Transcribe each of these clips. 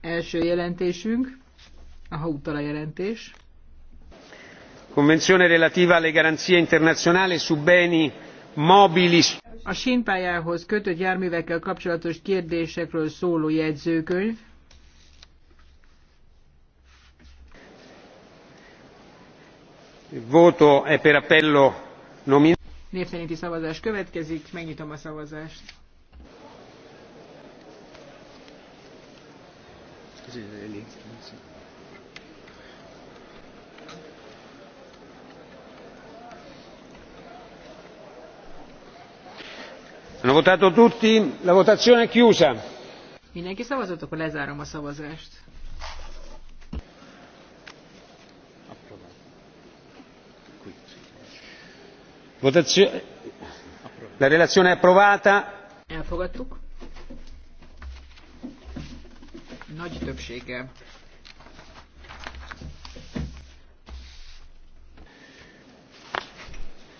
Első jelentésünk a Hautala jelentés. Convenzione relativa alle garanzie internazionali su beni mobili. A sínpályához kötött járművekkel kapcsolatos kérdésekről szóló jegyzőkönyv. voto è per appello nominale. név szerinti szavazás következik megnyitom a szavazást. Szóval. Hanno votato tutti? La votazione è chiusa. Mindenki szavazott, akkor lezárom a szavazást. Votazione. La relazione è approvata. Elfogadtuk. nagy többsége.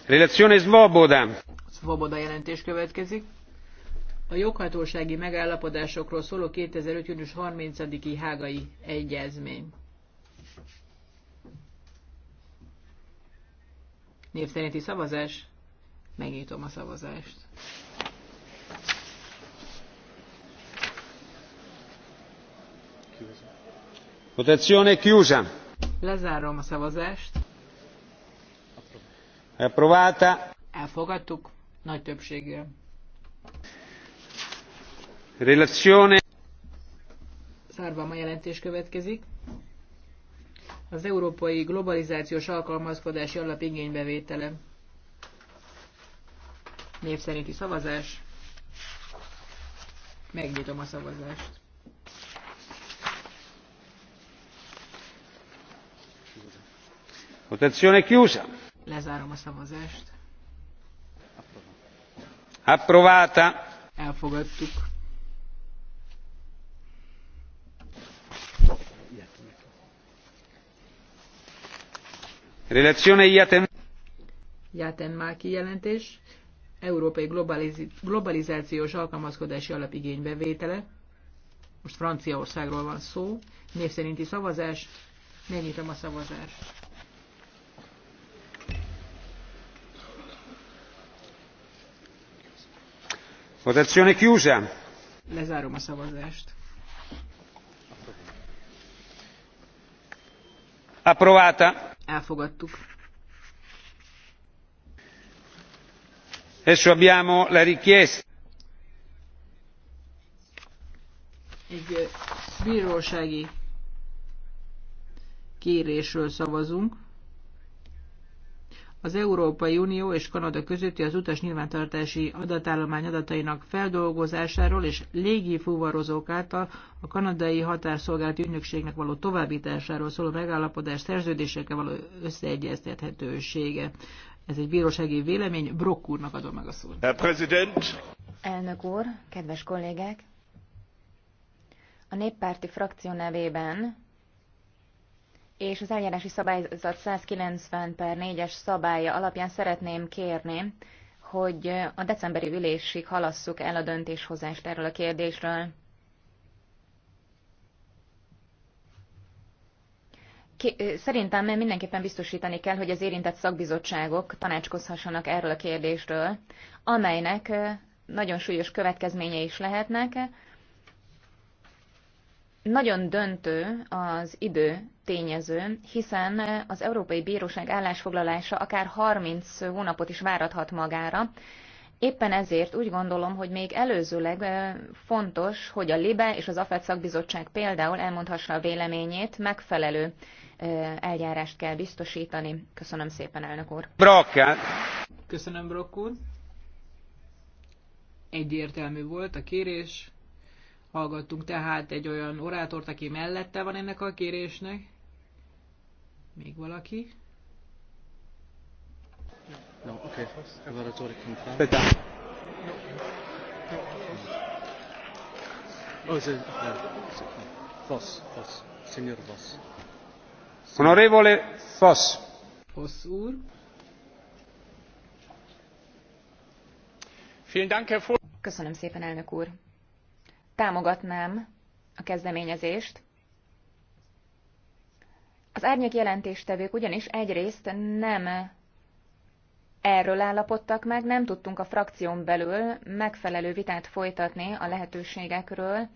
Relazione Svoboda. Svoboda jelentés következik. A joghatósági megállapodásokról szóló 2005. június 30-i hágai egyezmény. Név szerinti szavazás. Megnyitom a szavazást. Votazione chiusa. Lezárom a szavazást. Approvata. Elfogadtuk nagy többséggel. Relazione. Szárvam a jelentés következik. Az európai globalizációs alkalmazkodási alap igénybevétele. Név szerinti szavazás. Megnyitom a szavazást. Lezárom a szavazást. Approvata. Elfogadtuk. Relazione Iaten... IATEN máki jelentés, Európai globaliz... Globalizációs Alkalmazkodási Alapigénybevétele. Most Franciaországról van szó. Név szerinti szavazás. Megnyitom a szavazást. Votazione chiusa. Lezárom a szavazást. Approvata. Elfogadtuk. Adesso abbiamo la richiesta. Egy bírósági kérésről szavazunk az Európai Unió és Kanada közötti az utas nyilvántartási adatállomány adatainak feldolgozásáról és légi fuvarozók által a kanadai határszolgálati ügynökségnek való továbbításáról szóló megállapodás szerződésekkel való összeegyeztethetősége. Ez egy bírósági vélemény, Brock úrnak adom meg a szót. Elnök úr, kedves kollégák! A néppárti frakció nevében és az eljárási szabályzat 190 per 4-es szabálya alapján szeretném kérni, hogy a decemberi ülésig halasszuk el a döntéshozást erről a kérdésről. Szerintem mindenképpen biztosítani kell, hogy az érintett szakbizottságok tanácskozhassanak erről a kérdésről, amelynek nagyon súlyos következményei is lehetnek, nagyon döntő az idő tényező, hiszen az Európai Bíróság állásfoglalása akár 30 hónapot is várathat magára. Éppen ezért úgy gondolom, hogy még előzőleg fontos, hogy a LIBE és az AFED szakbizottság például elmondhassa a véleményét, megfelelő eljárást kell biztosítani. Köszönöm szépen, elnök úr. Brocken. Köszönöm, Brock úr. Egyértelmű volt a kérés. Hallgattunk tehát egy olyan orátort, aki mellette van ennek a kérésnek. Még valaki? No, okay. Peter. Oh, is it? No. Voss, Voss, Signor Voss. Honorevole Voss. Voss úr. Köszönöm szépen, elnök úr támogatnám a kezdeményezést. Az árnyék jelentéstevők ugyanis egyrészt nem erről állapodtak meg, nem tudtunk a frakción belül megfelelő vitát folytatni a lehetőségekről,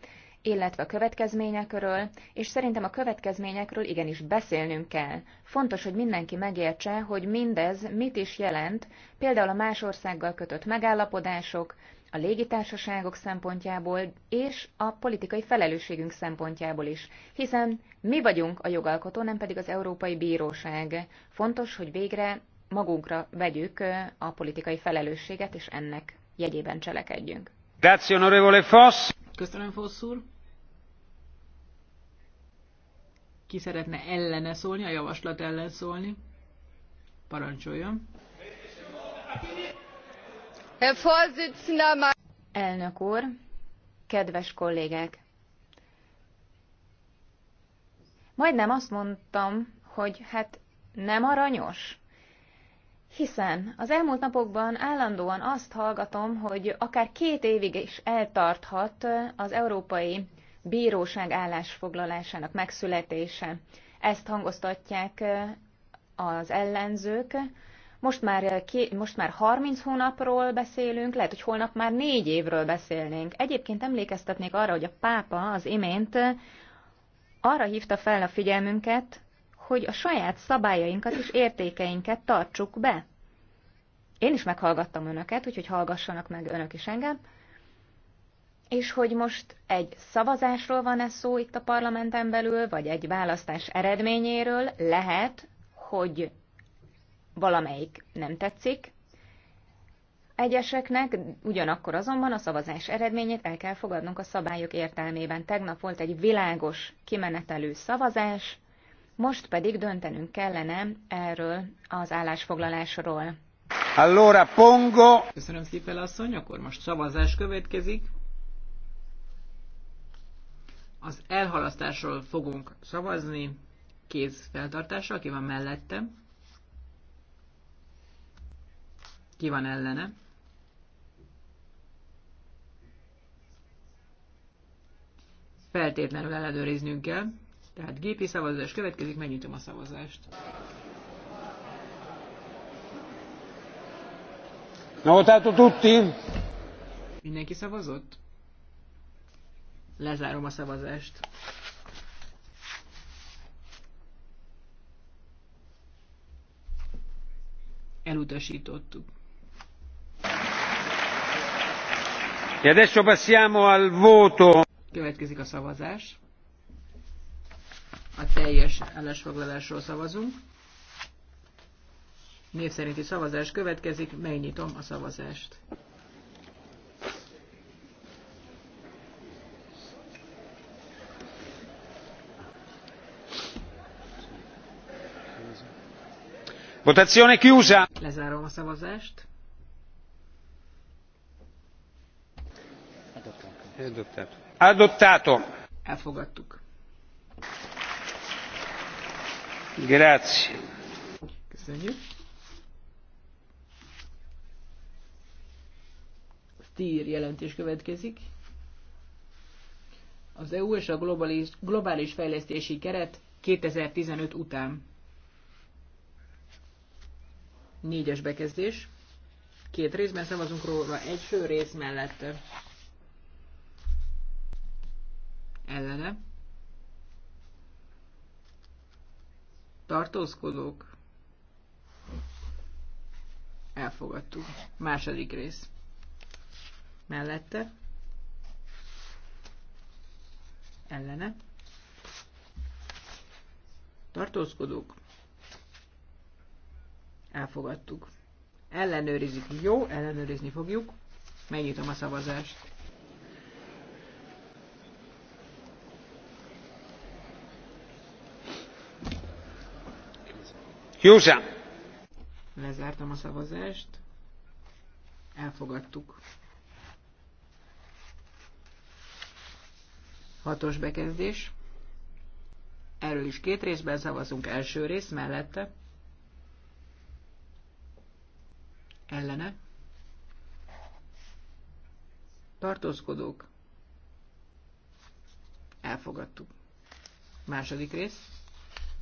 illetve a következményekről, és szerintem a következményekről igenis beszélnünk kell. Fontos, hogy mindenki megértse, hogy mindez mit is jelent, például a más országgal kötött megállapodások, a légitársaságok szempontjából és a politikai felelősségünk szempontjából is, hiszen mi vagyunk a jogalkotó, nem pedig az Európai Bíróság. Fontos, hogy végre magunkra vegyük a politikai felelősséget, és ennek jegyében cselekedjünk. Köszönöm, Fossz úr. Ki szeretne ellene szólni, a javaslat ellen szólni? Parancsoljon. Elnök úr, kedves kollégák! Majdnem azt mondtam, hogy hát nem aranyos, hiszen az elmúlt napokban állandóan azt hallgatom, hogy akár két évig is eltarthat az Európai Bíróság állásfoglalásának megszületése. Ezt hangoztatják az ellenzők, most már, eh, most már 30 hónapról beszélünk, lehet, hogy holnap már négy évről beszélnénk. Egyébként emlékeztetnék arra, hogy a pápa az imént eh, arra hívta fel a figyelmünket, hogy a saját szabályainkat és értékeinket tartsuk be. Én is meghallgattam önöket, úgyhogy hallgassanak meg önök is engem. És hogy most egy szavazásról van-e szó itt a parlamenten belül, vagy egy választás eredményéről, lehet, hogy valamelyik nem tetszik egyeseknek, ugyanakkor azonban a szavazás eredményét el kell fogadnunk a szabályok értelmében. Tegnap volt egy világos kimenetelő szavazás, most pedig döntenünk kellene erről az állásfoglalásról. Allora pongo. Köszönöm szépen, asszony, akkor most szavazás következik. Az elhalasztásról fogunk szavazni kéz feltartással, aki van mellettem. Ki van ellene? Feltétlenül ellenőriznünk kell. Tehát gépi szavazás következik, megnyitom a szavazást. Na, votato tutti? Mindenki szavazott? Lezárom a szavazást. Elutasítottuk. E adesso passiamo al voto. Következik a szavazás. A teljes állásfoglalásról szavazunk. Név szerinti szavazás következik, megnyitom a szavazást. Votazione chiusa. Lezárom a szavazást. Adottato. Elfogadtuk. Grazie. Köszönjük. Stier jelentés következik. Az EU és a globális, globális fejlesztési keret 2015 után. Négyes bekezdés. Két részben szavazunk róla, egy fő rész mellett ellene tartózkodók elfogadtuk. Második rész mellette ellene tartózkodók elfogadtuk. Ellenőrizik, jó, ellenőrizni fogjuk. Megnyitom a szavazást. Chiusa. Lezártam a szavazást. Elfogadtuk. Hatos bekezdés. Erről is két részben szavazunk. Első rész mellette. Ellene. Tartózkodók. Elfogadtuk. Második rész.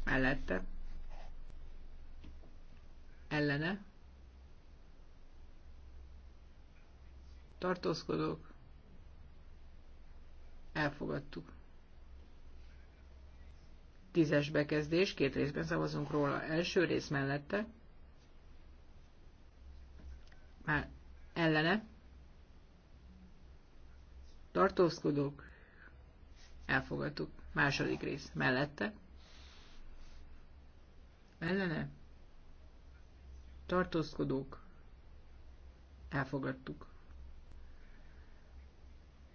Mellette ellene tartózkodók elfogadtuk. Tízes bekezdés, két részben szavazunk róla. Első rész mellette, már ellene, tartózkodók, elfogadtuk. Második rész mellette, ellene, tartózkodók, elfogadtuk.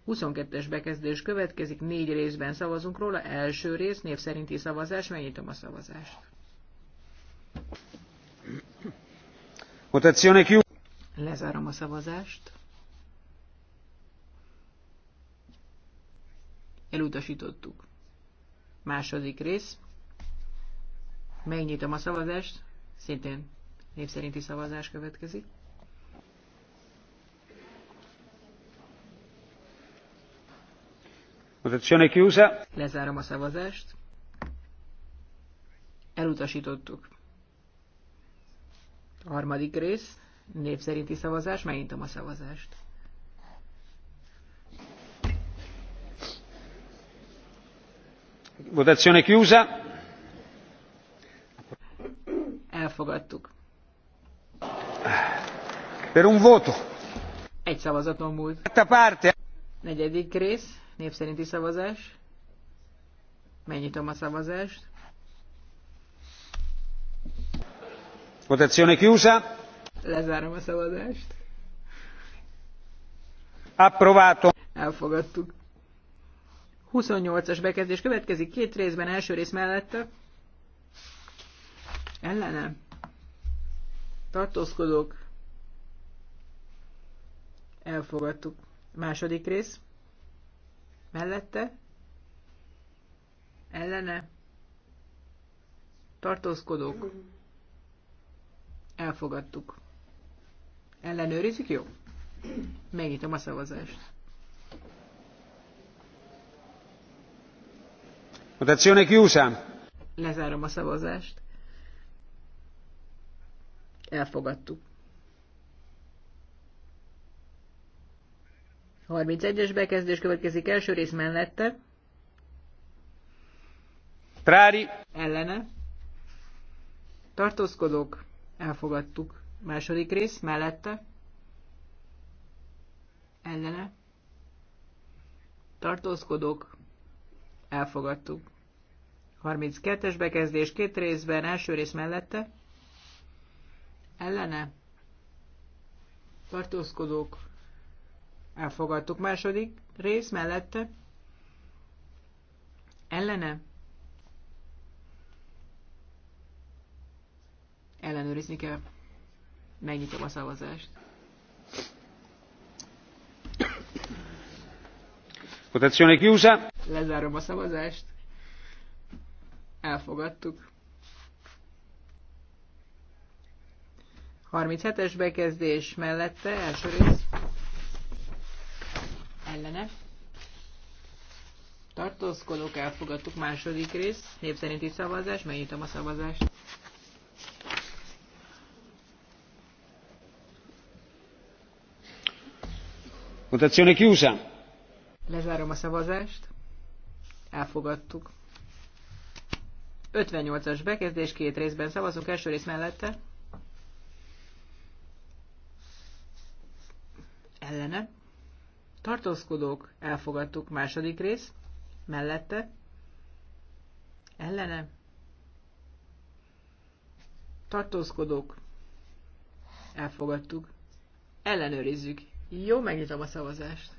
22-es bekezdés következik, négy részben szavazunk róla, első rész, név szerinti szavazás, megnyitom a szavazást. Lezárom a szavazást. Elutasítottuk. Második rész. Megnyitom a szavazást. Szintén népszerinti szavazás következik. Votazione chiusa. Lezárom a szavazást. Elutasítottuk. A harmadik rész, népszerinti szavazás, megintom a szavazást. Votazione chiusa. Elfogadtuk. Per un voto. Egy szavazaton múlt. A parte. Negyedik rész, népszerinti szavazás. Megnyitom a szavazást. Votazione chiusa. Lezárom a szavazást. Approvato. Elfogadtuk. 28-as bekezdés következik két részben, első rész mellette. Ellene. Tartózkodók. Elfogadtuk. Második rész. Mellette. Ellene. Tartózkodók. Elfogadtuk. Ellenőrizzük, jó? Megnyitom a szavazást. Votazione chiusa. Lezárom a szavazást. Elfogadtuk. 31-es bekezdés következik első rész mellette. Trári. Ellene. Tartózkodók. Elfogadtuk. Második rész mellette. Ellene. Tartózkodók. Elfogadtuk. 32-es bekezdés két részben, első rész mellette. Ellene. Tartózkodók Elfogadtuk. Második rész mellette. Ellene. Ellenőrizni kell. Megnyitom a szavazást. Votazione chiusa. Lezárom a szavazást. Elfogadtuk. 37-es bekezdés mellette első rész ellene. Tartózkodók elfogadtuk második rész, név szerinti szavazás, megnyitom a szavazást. Votazione chiusa. Lezárom a szavazást. Elfogadtuk. 58-as bekezdés, két részben szavazunk, első rész mellette. Ellene tartózkodók, elfogadtuk. Második rész, mellette, ellene, tartózkodók, elfogadtuk. Ellenőrizzük. Jó, megnyitom a szavazást.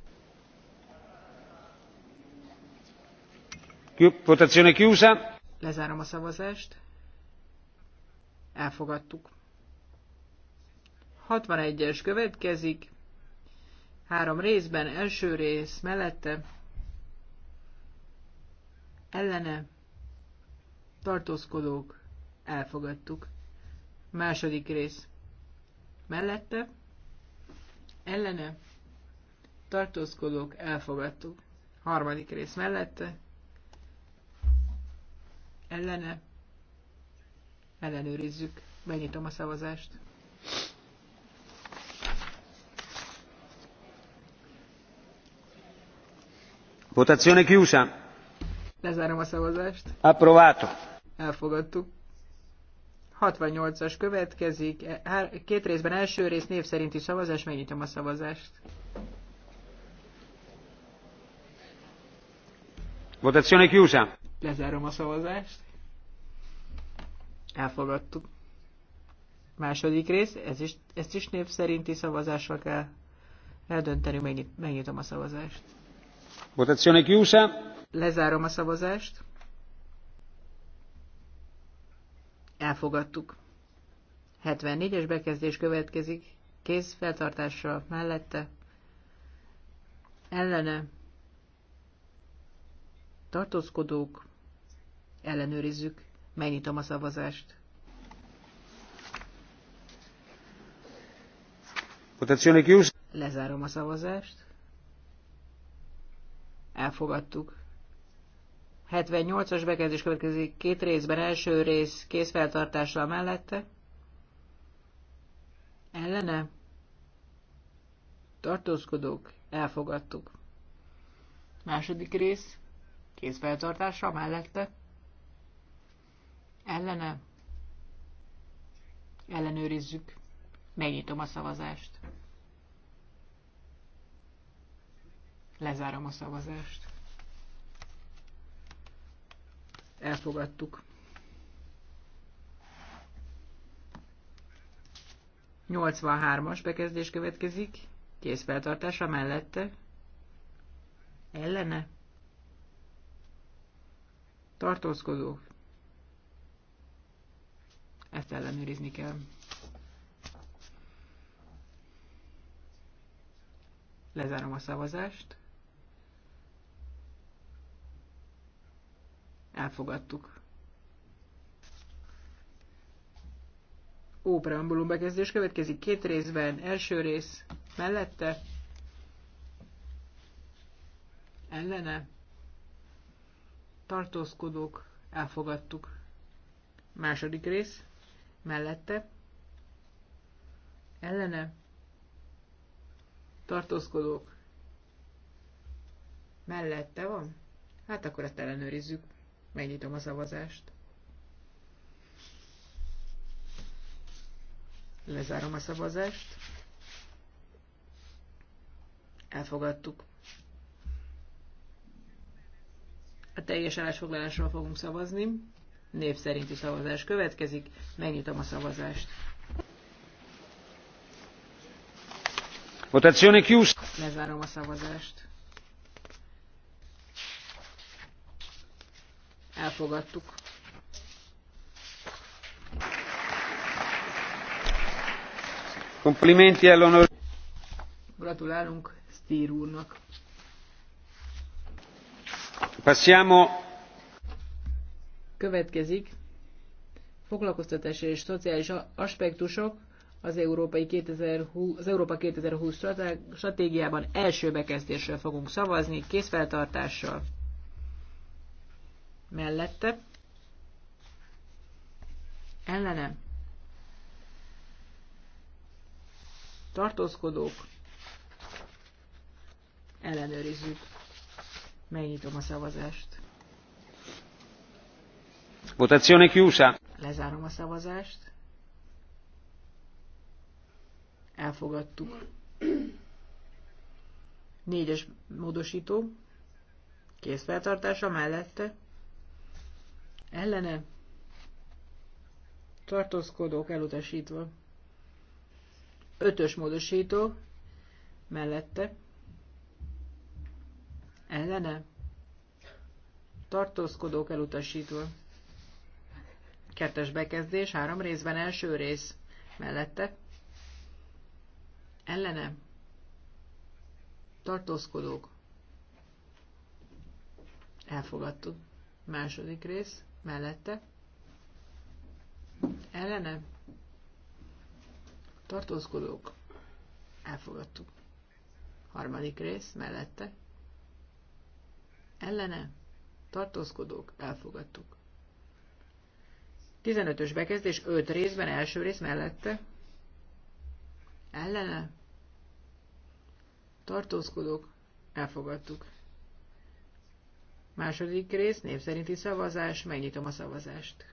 Votazione chiusa. Lezárom a szavazást. Elfogadtuk. 61-es következik. Három részben, első rész mellette, ellene, tartózkodók, elfogadtuk. Második rész, mellette, ellene, tartózkodók, elfogadtuk. Harmadik rész mellette, ellene, ellenőrizzük, Benyitom a szavazást. Votazione chiusa. Lezárom a szavazást. Approvato. Elfogadtuk. 68-as következik. Két részben első rész név szerinti szavazás. Megnyitom a szavazást. Votazione chiusa. Lezárom a szavazást. Elfogadtuk. Második rész, ez is, ezt is név szerinti szavazásra kell eldönteni, megnyitom a szavazást. Votazione chiusa. Lezárom a szavazást. Elfogadtuk. 74-es bekezdés következik. Kéz feltartással mellette. Ellene. Tartózkodók. Ellenőrizzük. Megnyitom a szavazást. Votazione chiusa. Lezárom a szavazást. Elfogadtuk. 78-as bekezdés következik két részben. Első rész készfeltartással mellette. Ellene. Tartózkodók. Elfogadtuk. Második rész. Készfeltartással mellette. Ellene. Ellenőrizzük. Megnyitom a szavazást. Lezárom a szavazást. Elfogadtuk. 83-as bekezdés következik, kézfeltartása mellette, ellene, Tartózkodó. ezt ellenőrizni kell. Lezárom a szavazást. elfogadtuk. Ó preambulum bekezdés következik két részben, első rész mellette, ellene, tartózkodók, elfogadtuk. Második rész, mellette, ellene, tartózkodók, mellette van? Hát akkor ezt ellenőrizzük. Megnyitom a szavazást. Lezárom a szavazást. Elfogadtuk. A teljes állásfoglalásról fogunk szavazni. Név szerinti szavazás következik. Megnyitom a szavazást. Votazione chiusa. Lezárom a szavazást. Elfogadtuk. Komplimenti ellenőr. Gratulálunk Stír úrnak. Passiamo. Következik foglalkoztatási és szociális aspektusok az, Európai 2020, az Európa 2020 stratégiában első bekezdésről fogunk szavazni, készfeltartással mellette, ellenem, tartózkodók, ellenőrizzük, megnyitom a szavazást. Votazione chiusa. Lezárom a szavazást. Elfogadtuk. Négyes módosító. Készfeltartása mellette ellene tartózkodók elutasítva. Ötös módosító mellette ellene tartózkodók elutasítva. Kettes bekezdés, három részben első rész mellette ellene tartózkodók elfogadtuk. Második rész mellette, ellene, tartózkodók, elfogadtuk. Harmadik rész, mellette, ellene, tartózkodók, elfogadtuk. 15-ös bekezdés 5 részben, első rész mellette, ellene, tartózkodók, elfogadtuk. Második rész, név szerinti szavazás, megnyitom a szavazást.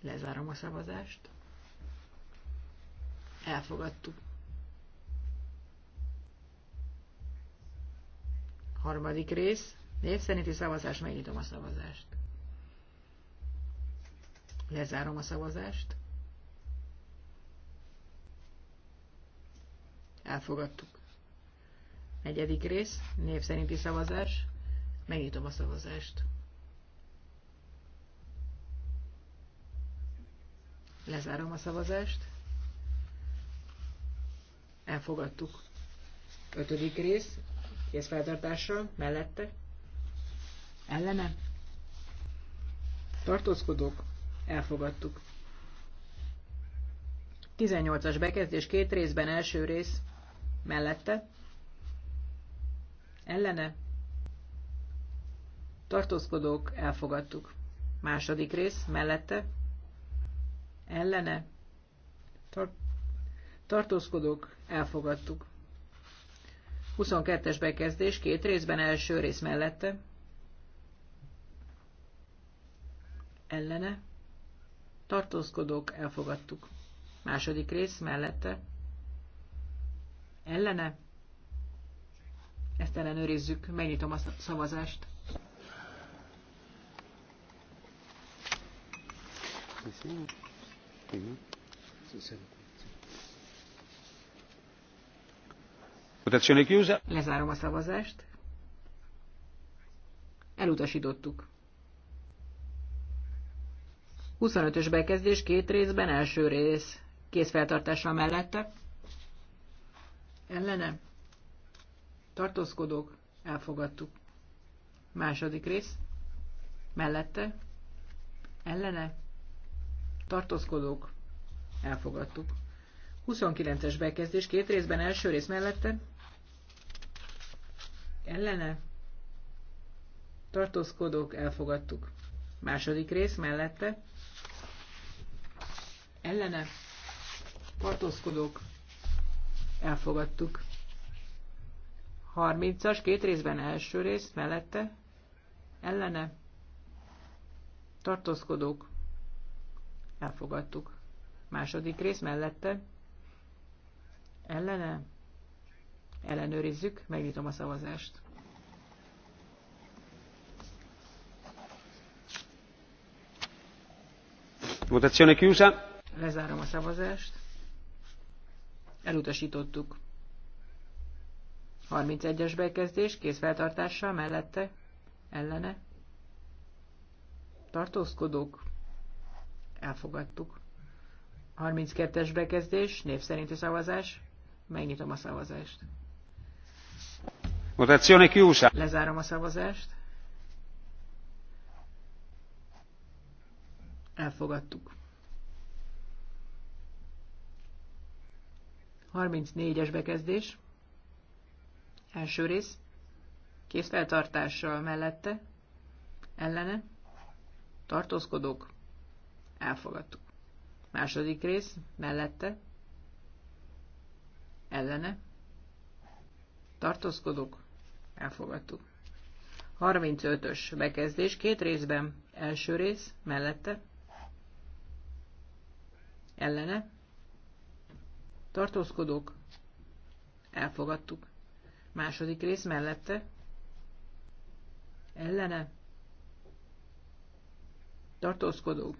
Lezárom a szavazást. Elfogadtuk. Harmadik rész, név szerinti szavazás, megnyitom a szavazást. Lezárom a szavazást. Elfogadtuk. Negyedik rész, név szerinti szavazás. Megnyitom a szavazást. Lezárom a szavazást. Elfogadtuk. Ötödik rész, kézfeltartással, mellette. Ellene. Tartózkodók, elfogadtuk. 18-as bekezdés két részben, első rész, mellette ellene tartózkodók elfogadtuk. Második rész mellette ellene tar tartózkodók elfogadtuk. 22-es bekezdés két részben első rész mellette ellene tartózkodók elfogadtuk. Második rész mellette ellene ezt ellenőrizzük, megnyitom a szavazást. Lezárom a szavazást. Elutasítottuk. 25-ös bekezdés két részben, első rész készfeltartása mellette. Ellene? tartózkodók, elfogadtuk. Második rész, mellette, ellene, tartózkodók, elfogadtuk. 29-es bekezdés, két részben, első rész mellette, ellene, tartózkodók, elfogadtuk. Második rész mellette, ellene, tartózkodók, elfogadtuk. 30-as, két részben első rész, mellette, ellene, tartózkodók, elfogadtuk. Második rész mellette, ellene, ellenőrizzük, megnyitom a szavazást. Votazione chiusa. Lezárom a szavazást. Elutasítottuk. 31-es bekezdés, készfeltartással mellette, ellene. Tartózkodók, elfogadtuk. 32-es bekezdés, név szerinti szavazás, megnyitom a szavazást. Votazione chiusa. Lezárom a szavazást. Elfogadtuk. 34-es bekezdés. Első rész. Készfeltartással mellette. Ellene. Tartózkodok. Elfogadtuk. Második rész. Mellette. Ellene. Tartózkodok. Elfogadtuk. 35-ös bekezdés két részben. Első rész, mellette, ellene, Tartózkodok. elfogadtuk. Második rész mellette. Ellene. Tartózkodó.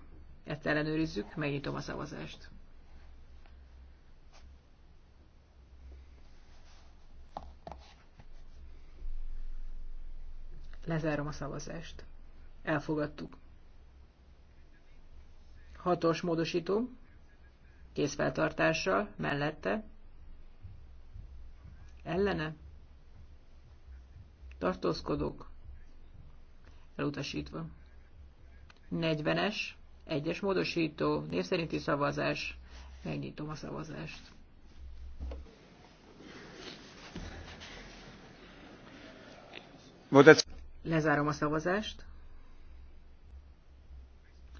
Ezt ellenőrizzük, megnyitom a szavazást. Lezárom a szavazást. Elfogadtuk. Hatos módosító. Készfeltartással. Mellette. Ellene tartózkodók, elutasítva. 40-es, egyes módosító, név szerinti szavazás, megnyitom a szavazást. Lezárom a szavazást.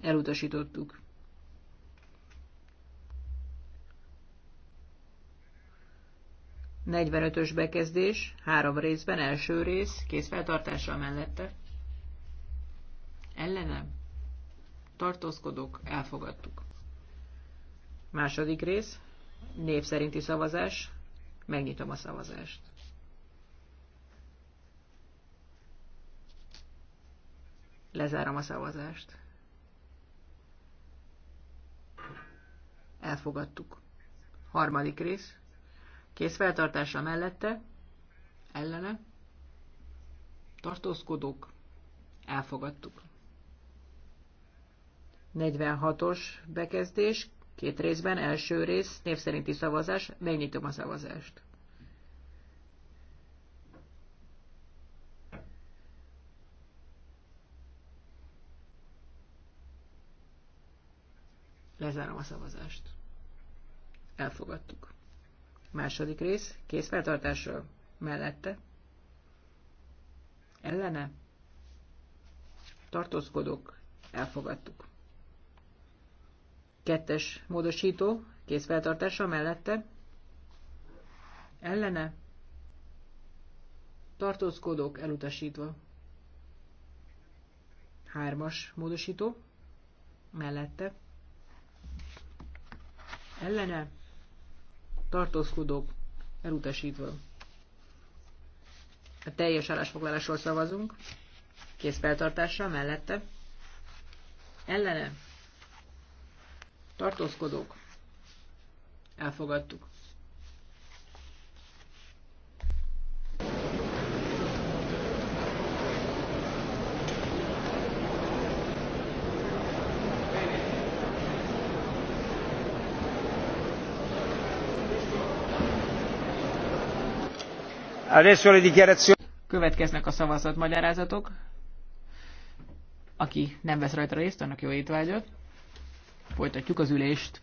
Elutasítottuk. 45-ös bekezdés, három részben, első rész, kész feltartása mellette. Ellenem. Tartózkodók, elfogadtuk. Második rész, név szerinti szavazás, megnyitom a szavazást. Lezárom a szavazást. Elfogadtuk. Harmadik rész, feltartása mellette, ellene, tartózkodók, elfogadtuk. 46-os bekezdés, két részben, első rész, név szerinti szavazás, megnyitom a szavazást. Lezárom a szavazást. Elfogadtuk. Második rész, készfeltartásról. Mellette. Ellene. Tartózkodók. Elfogadtuk. Kettes módosító, készfeltartása mellette. Ellene. Tartózkodók elutasítva. Hármas módosító. Mellette. Ellene tartózkodók elutasítva. A teljes állásfoglalásról szavazunk, készfeltartással mellette. Ellene tartózkodók elfogadtuk. Következnek a szavazatmagyarázatok. Aki nem vesz rajta részt, annak jó étvágyat. Folytatjuk az ülést.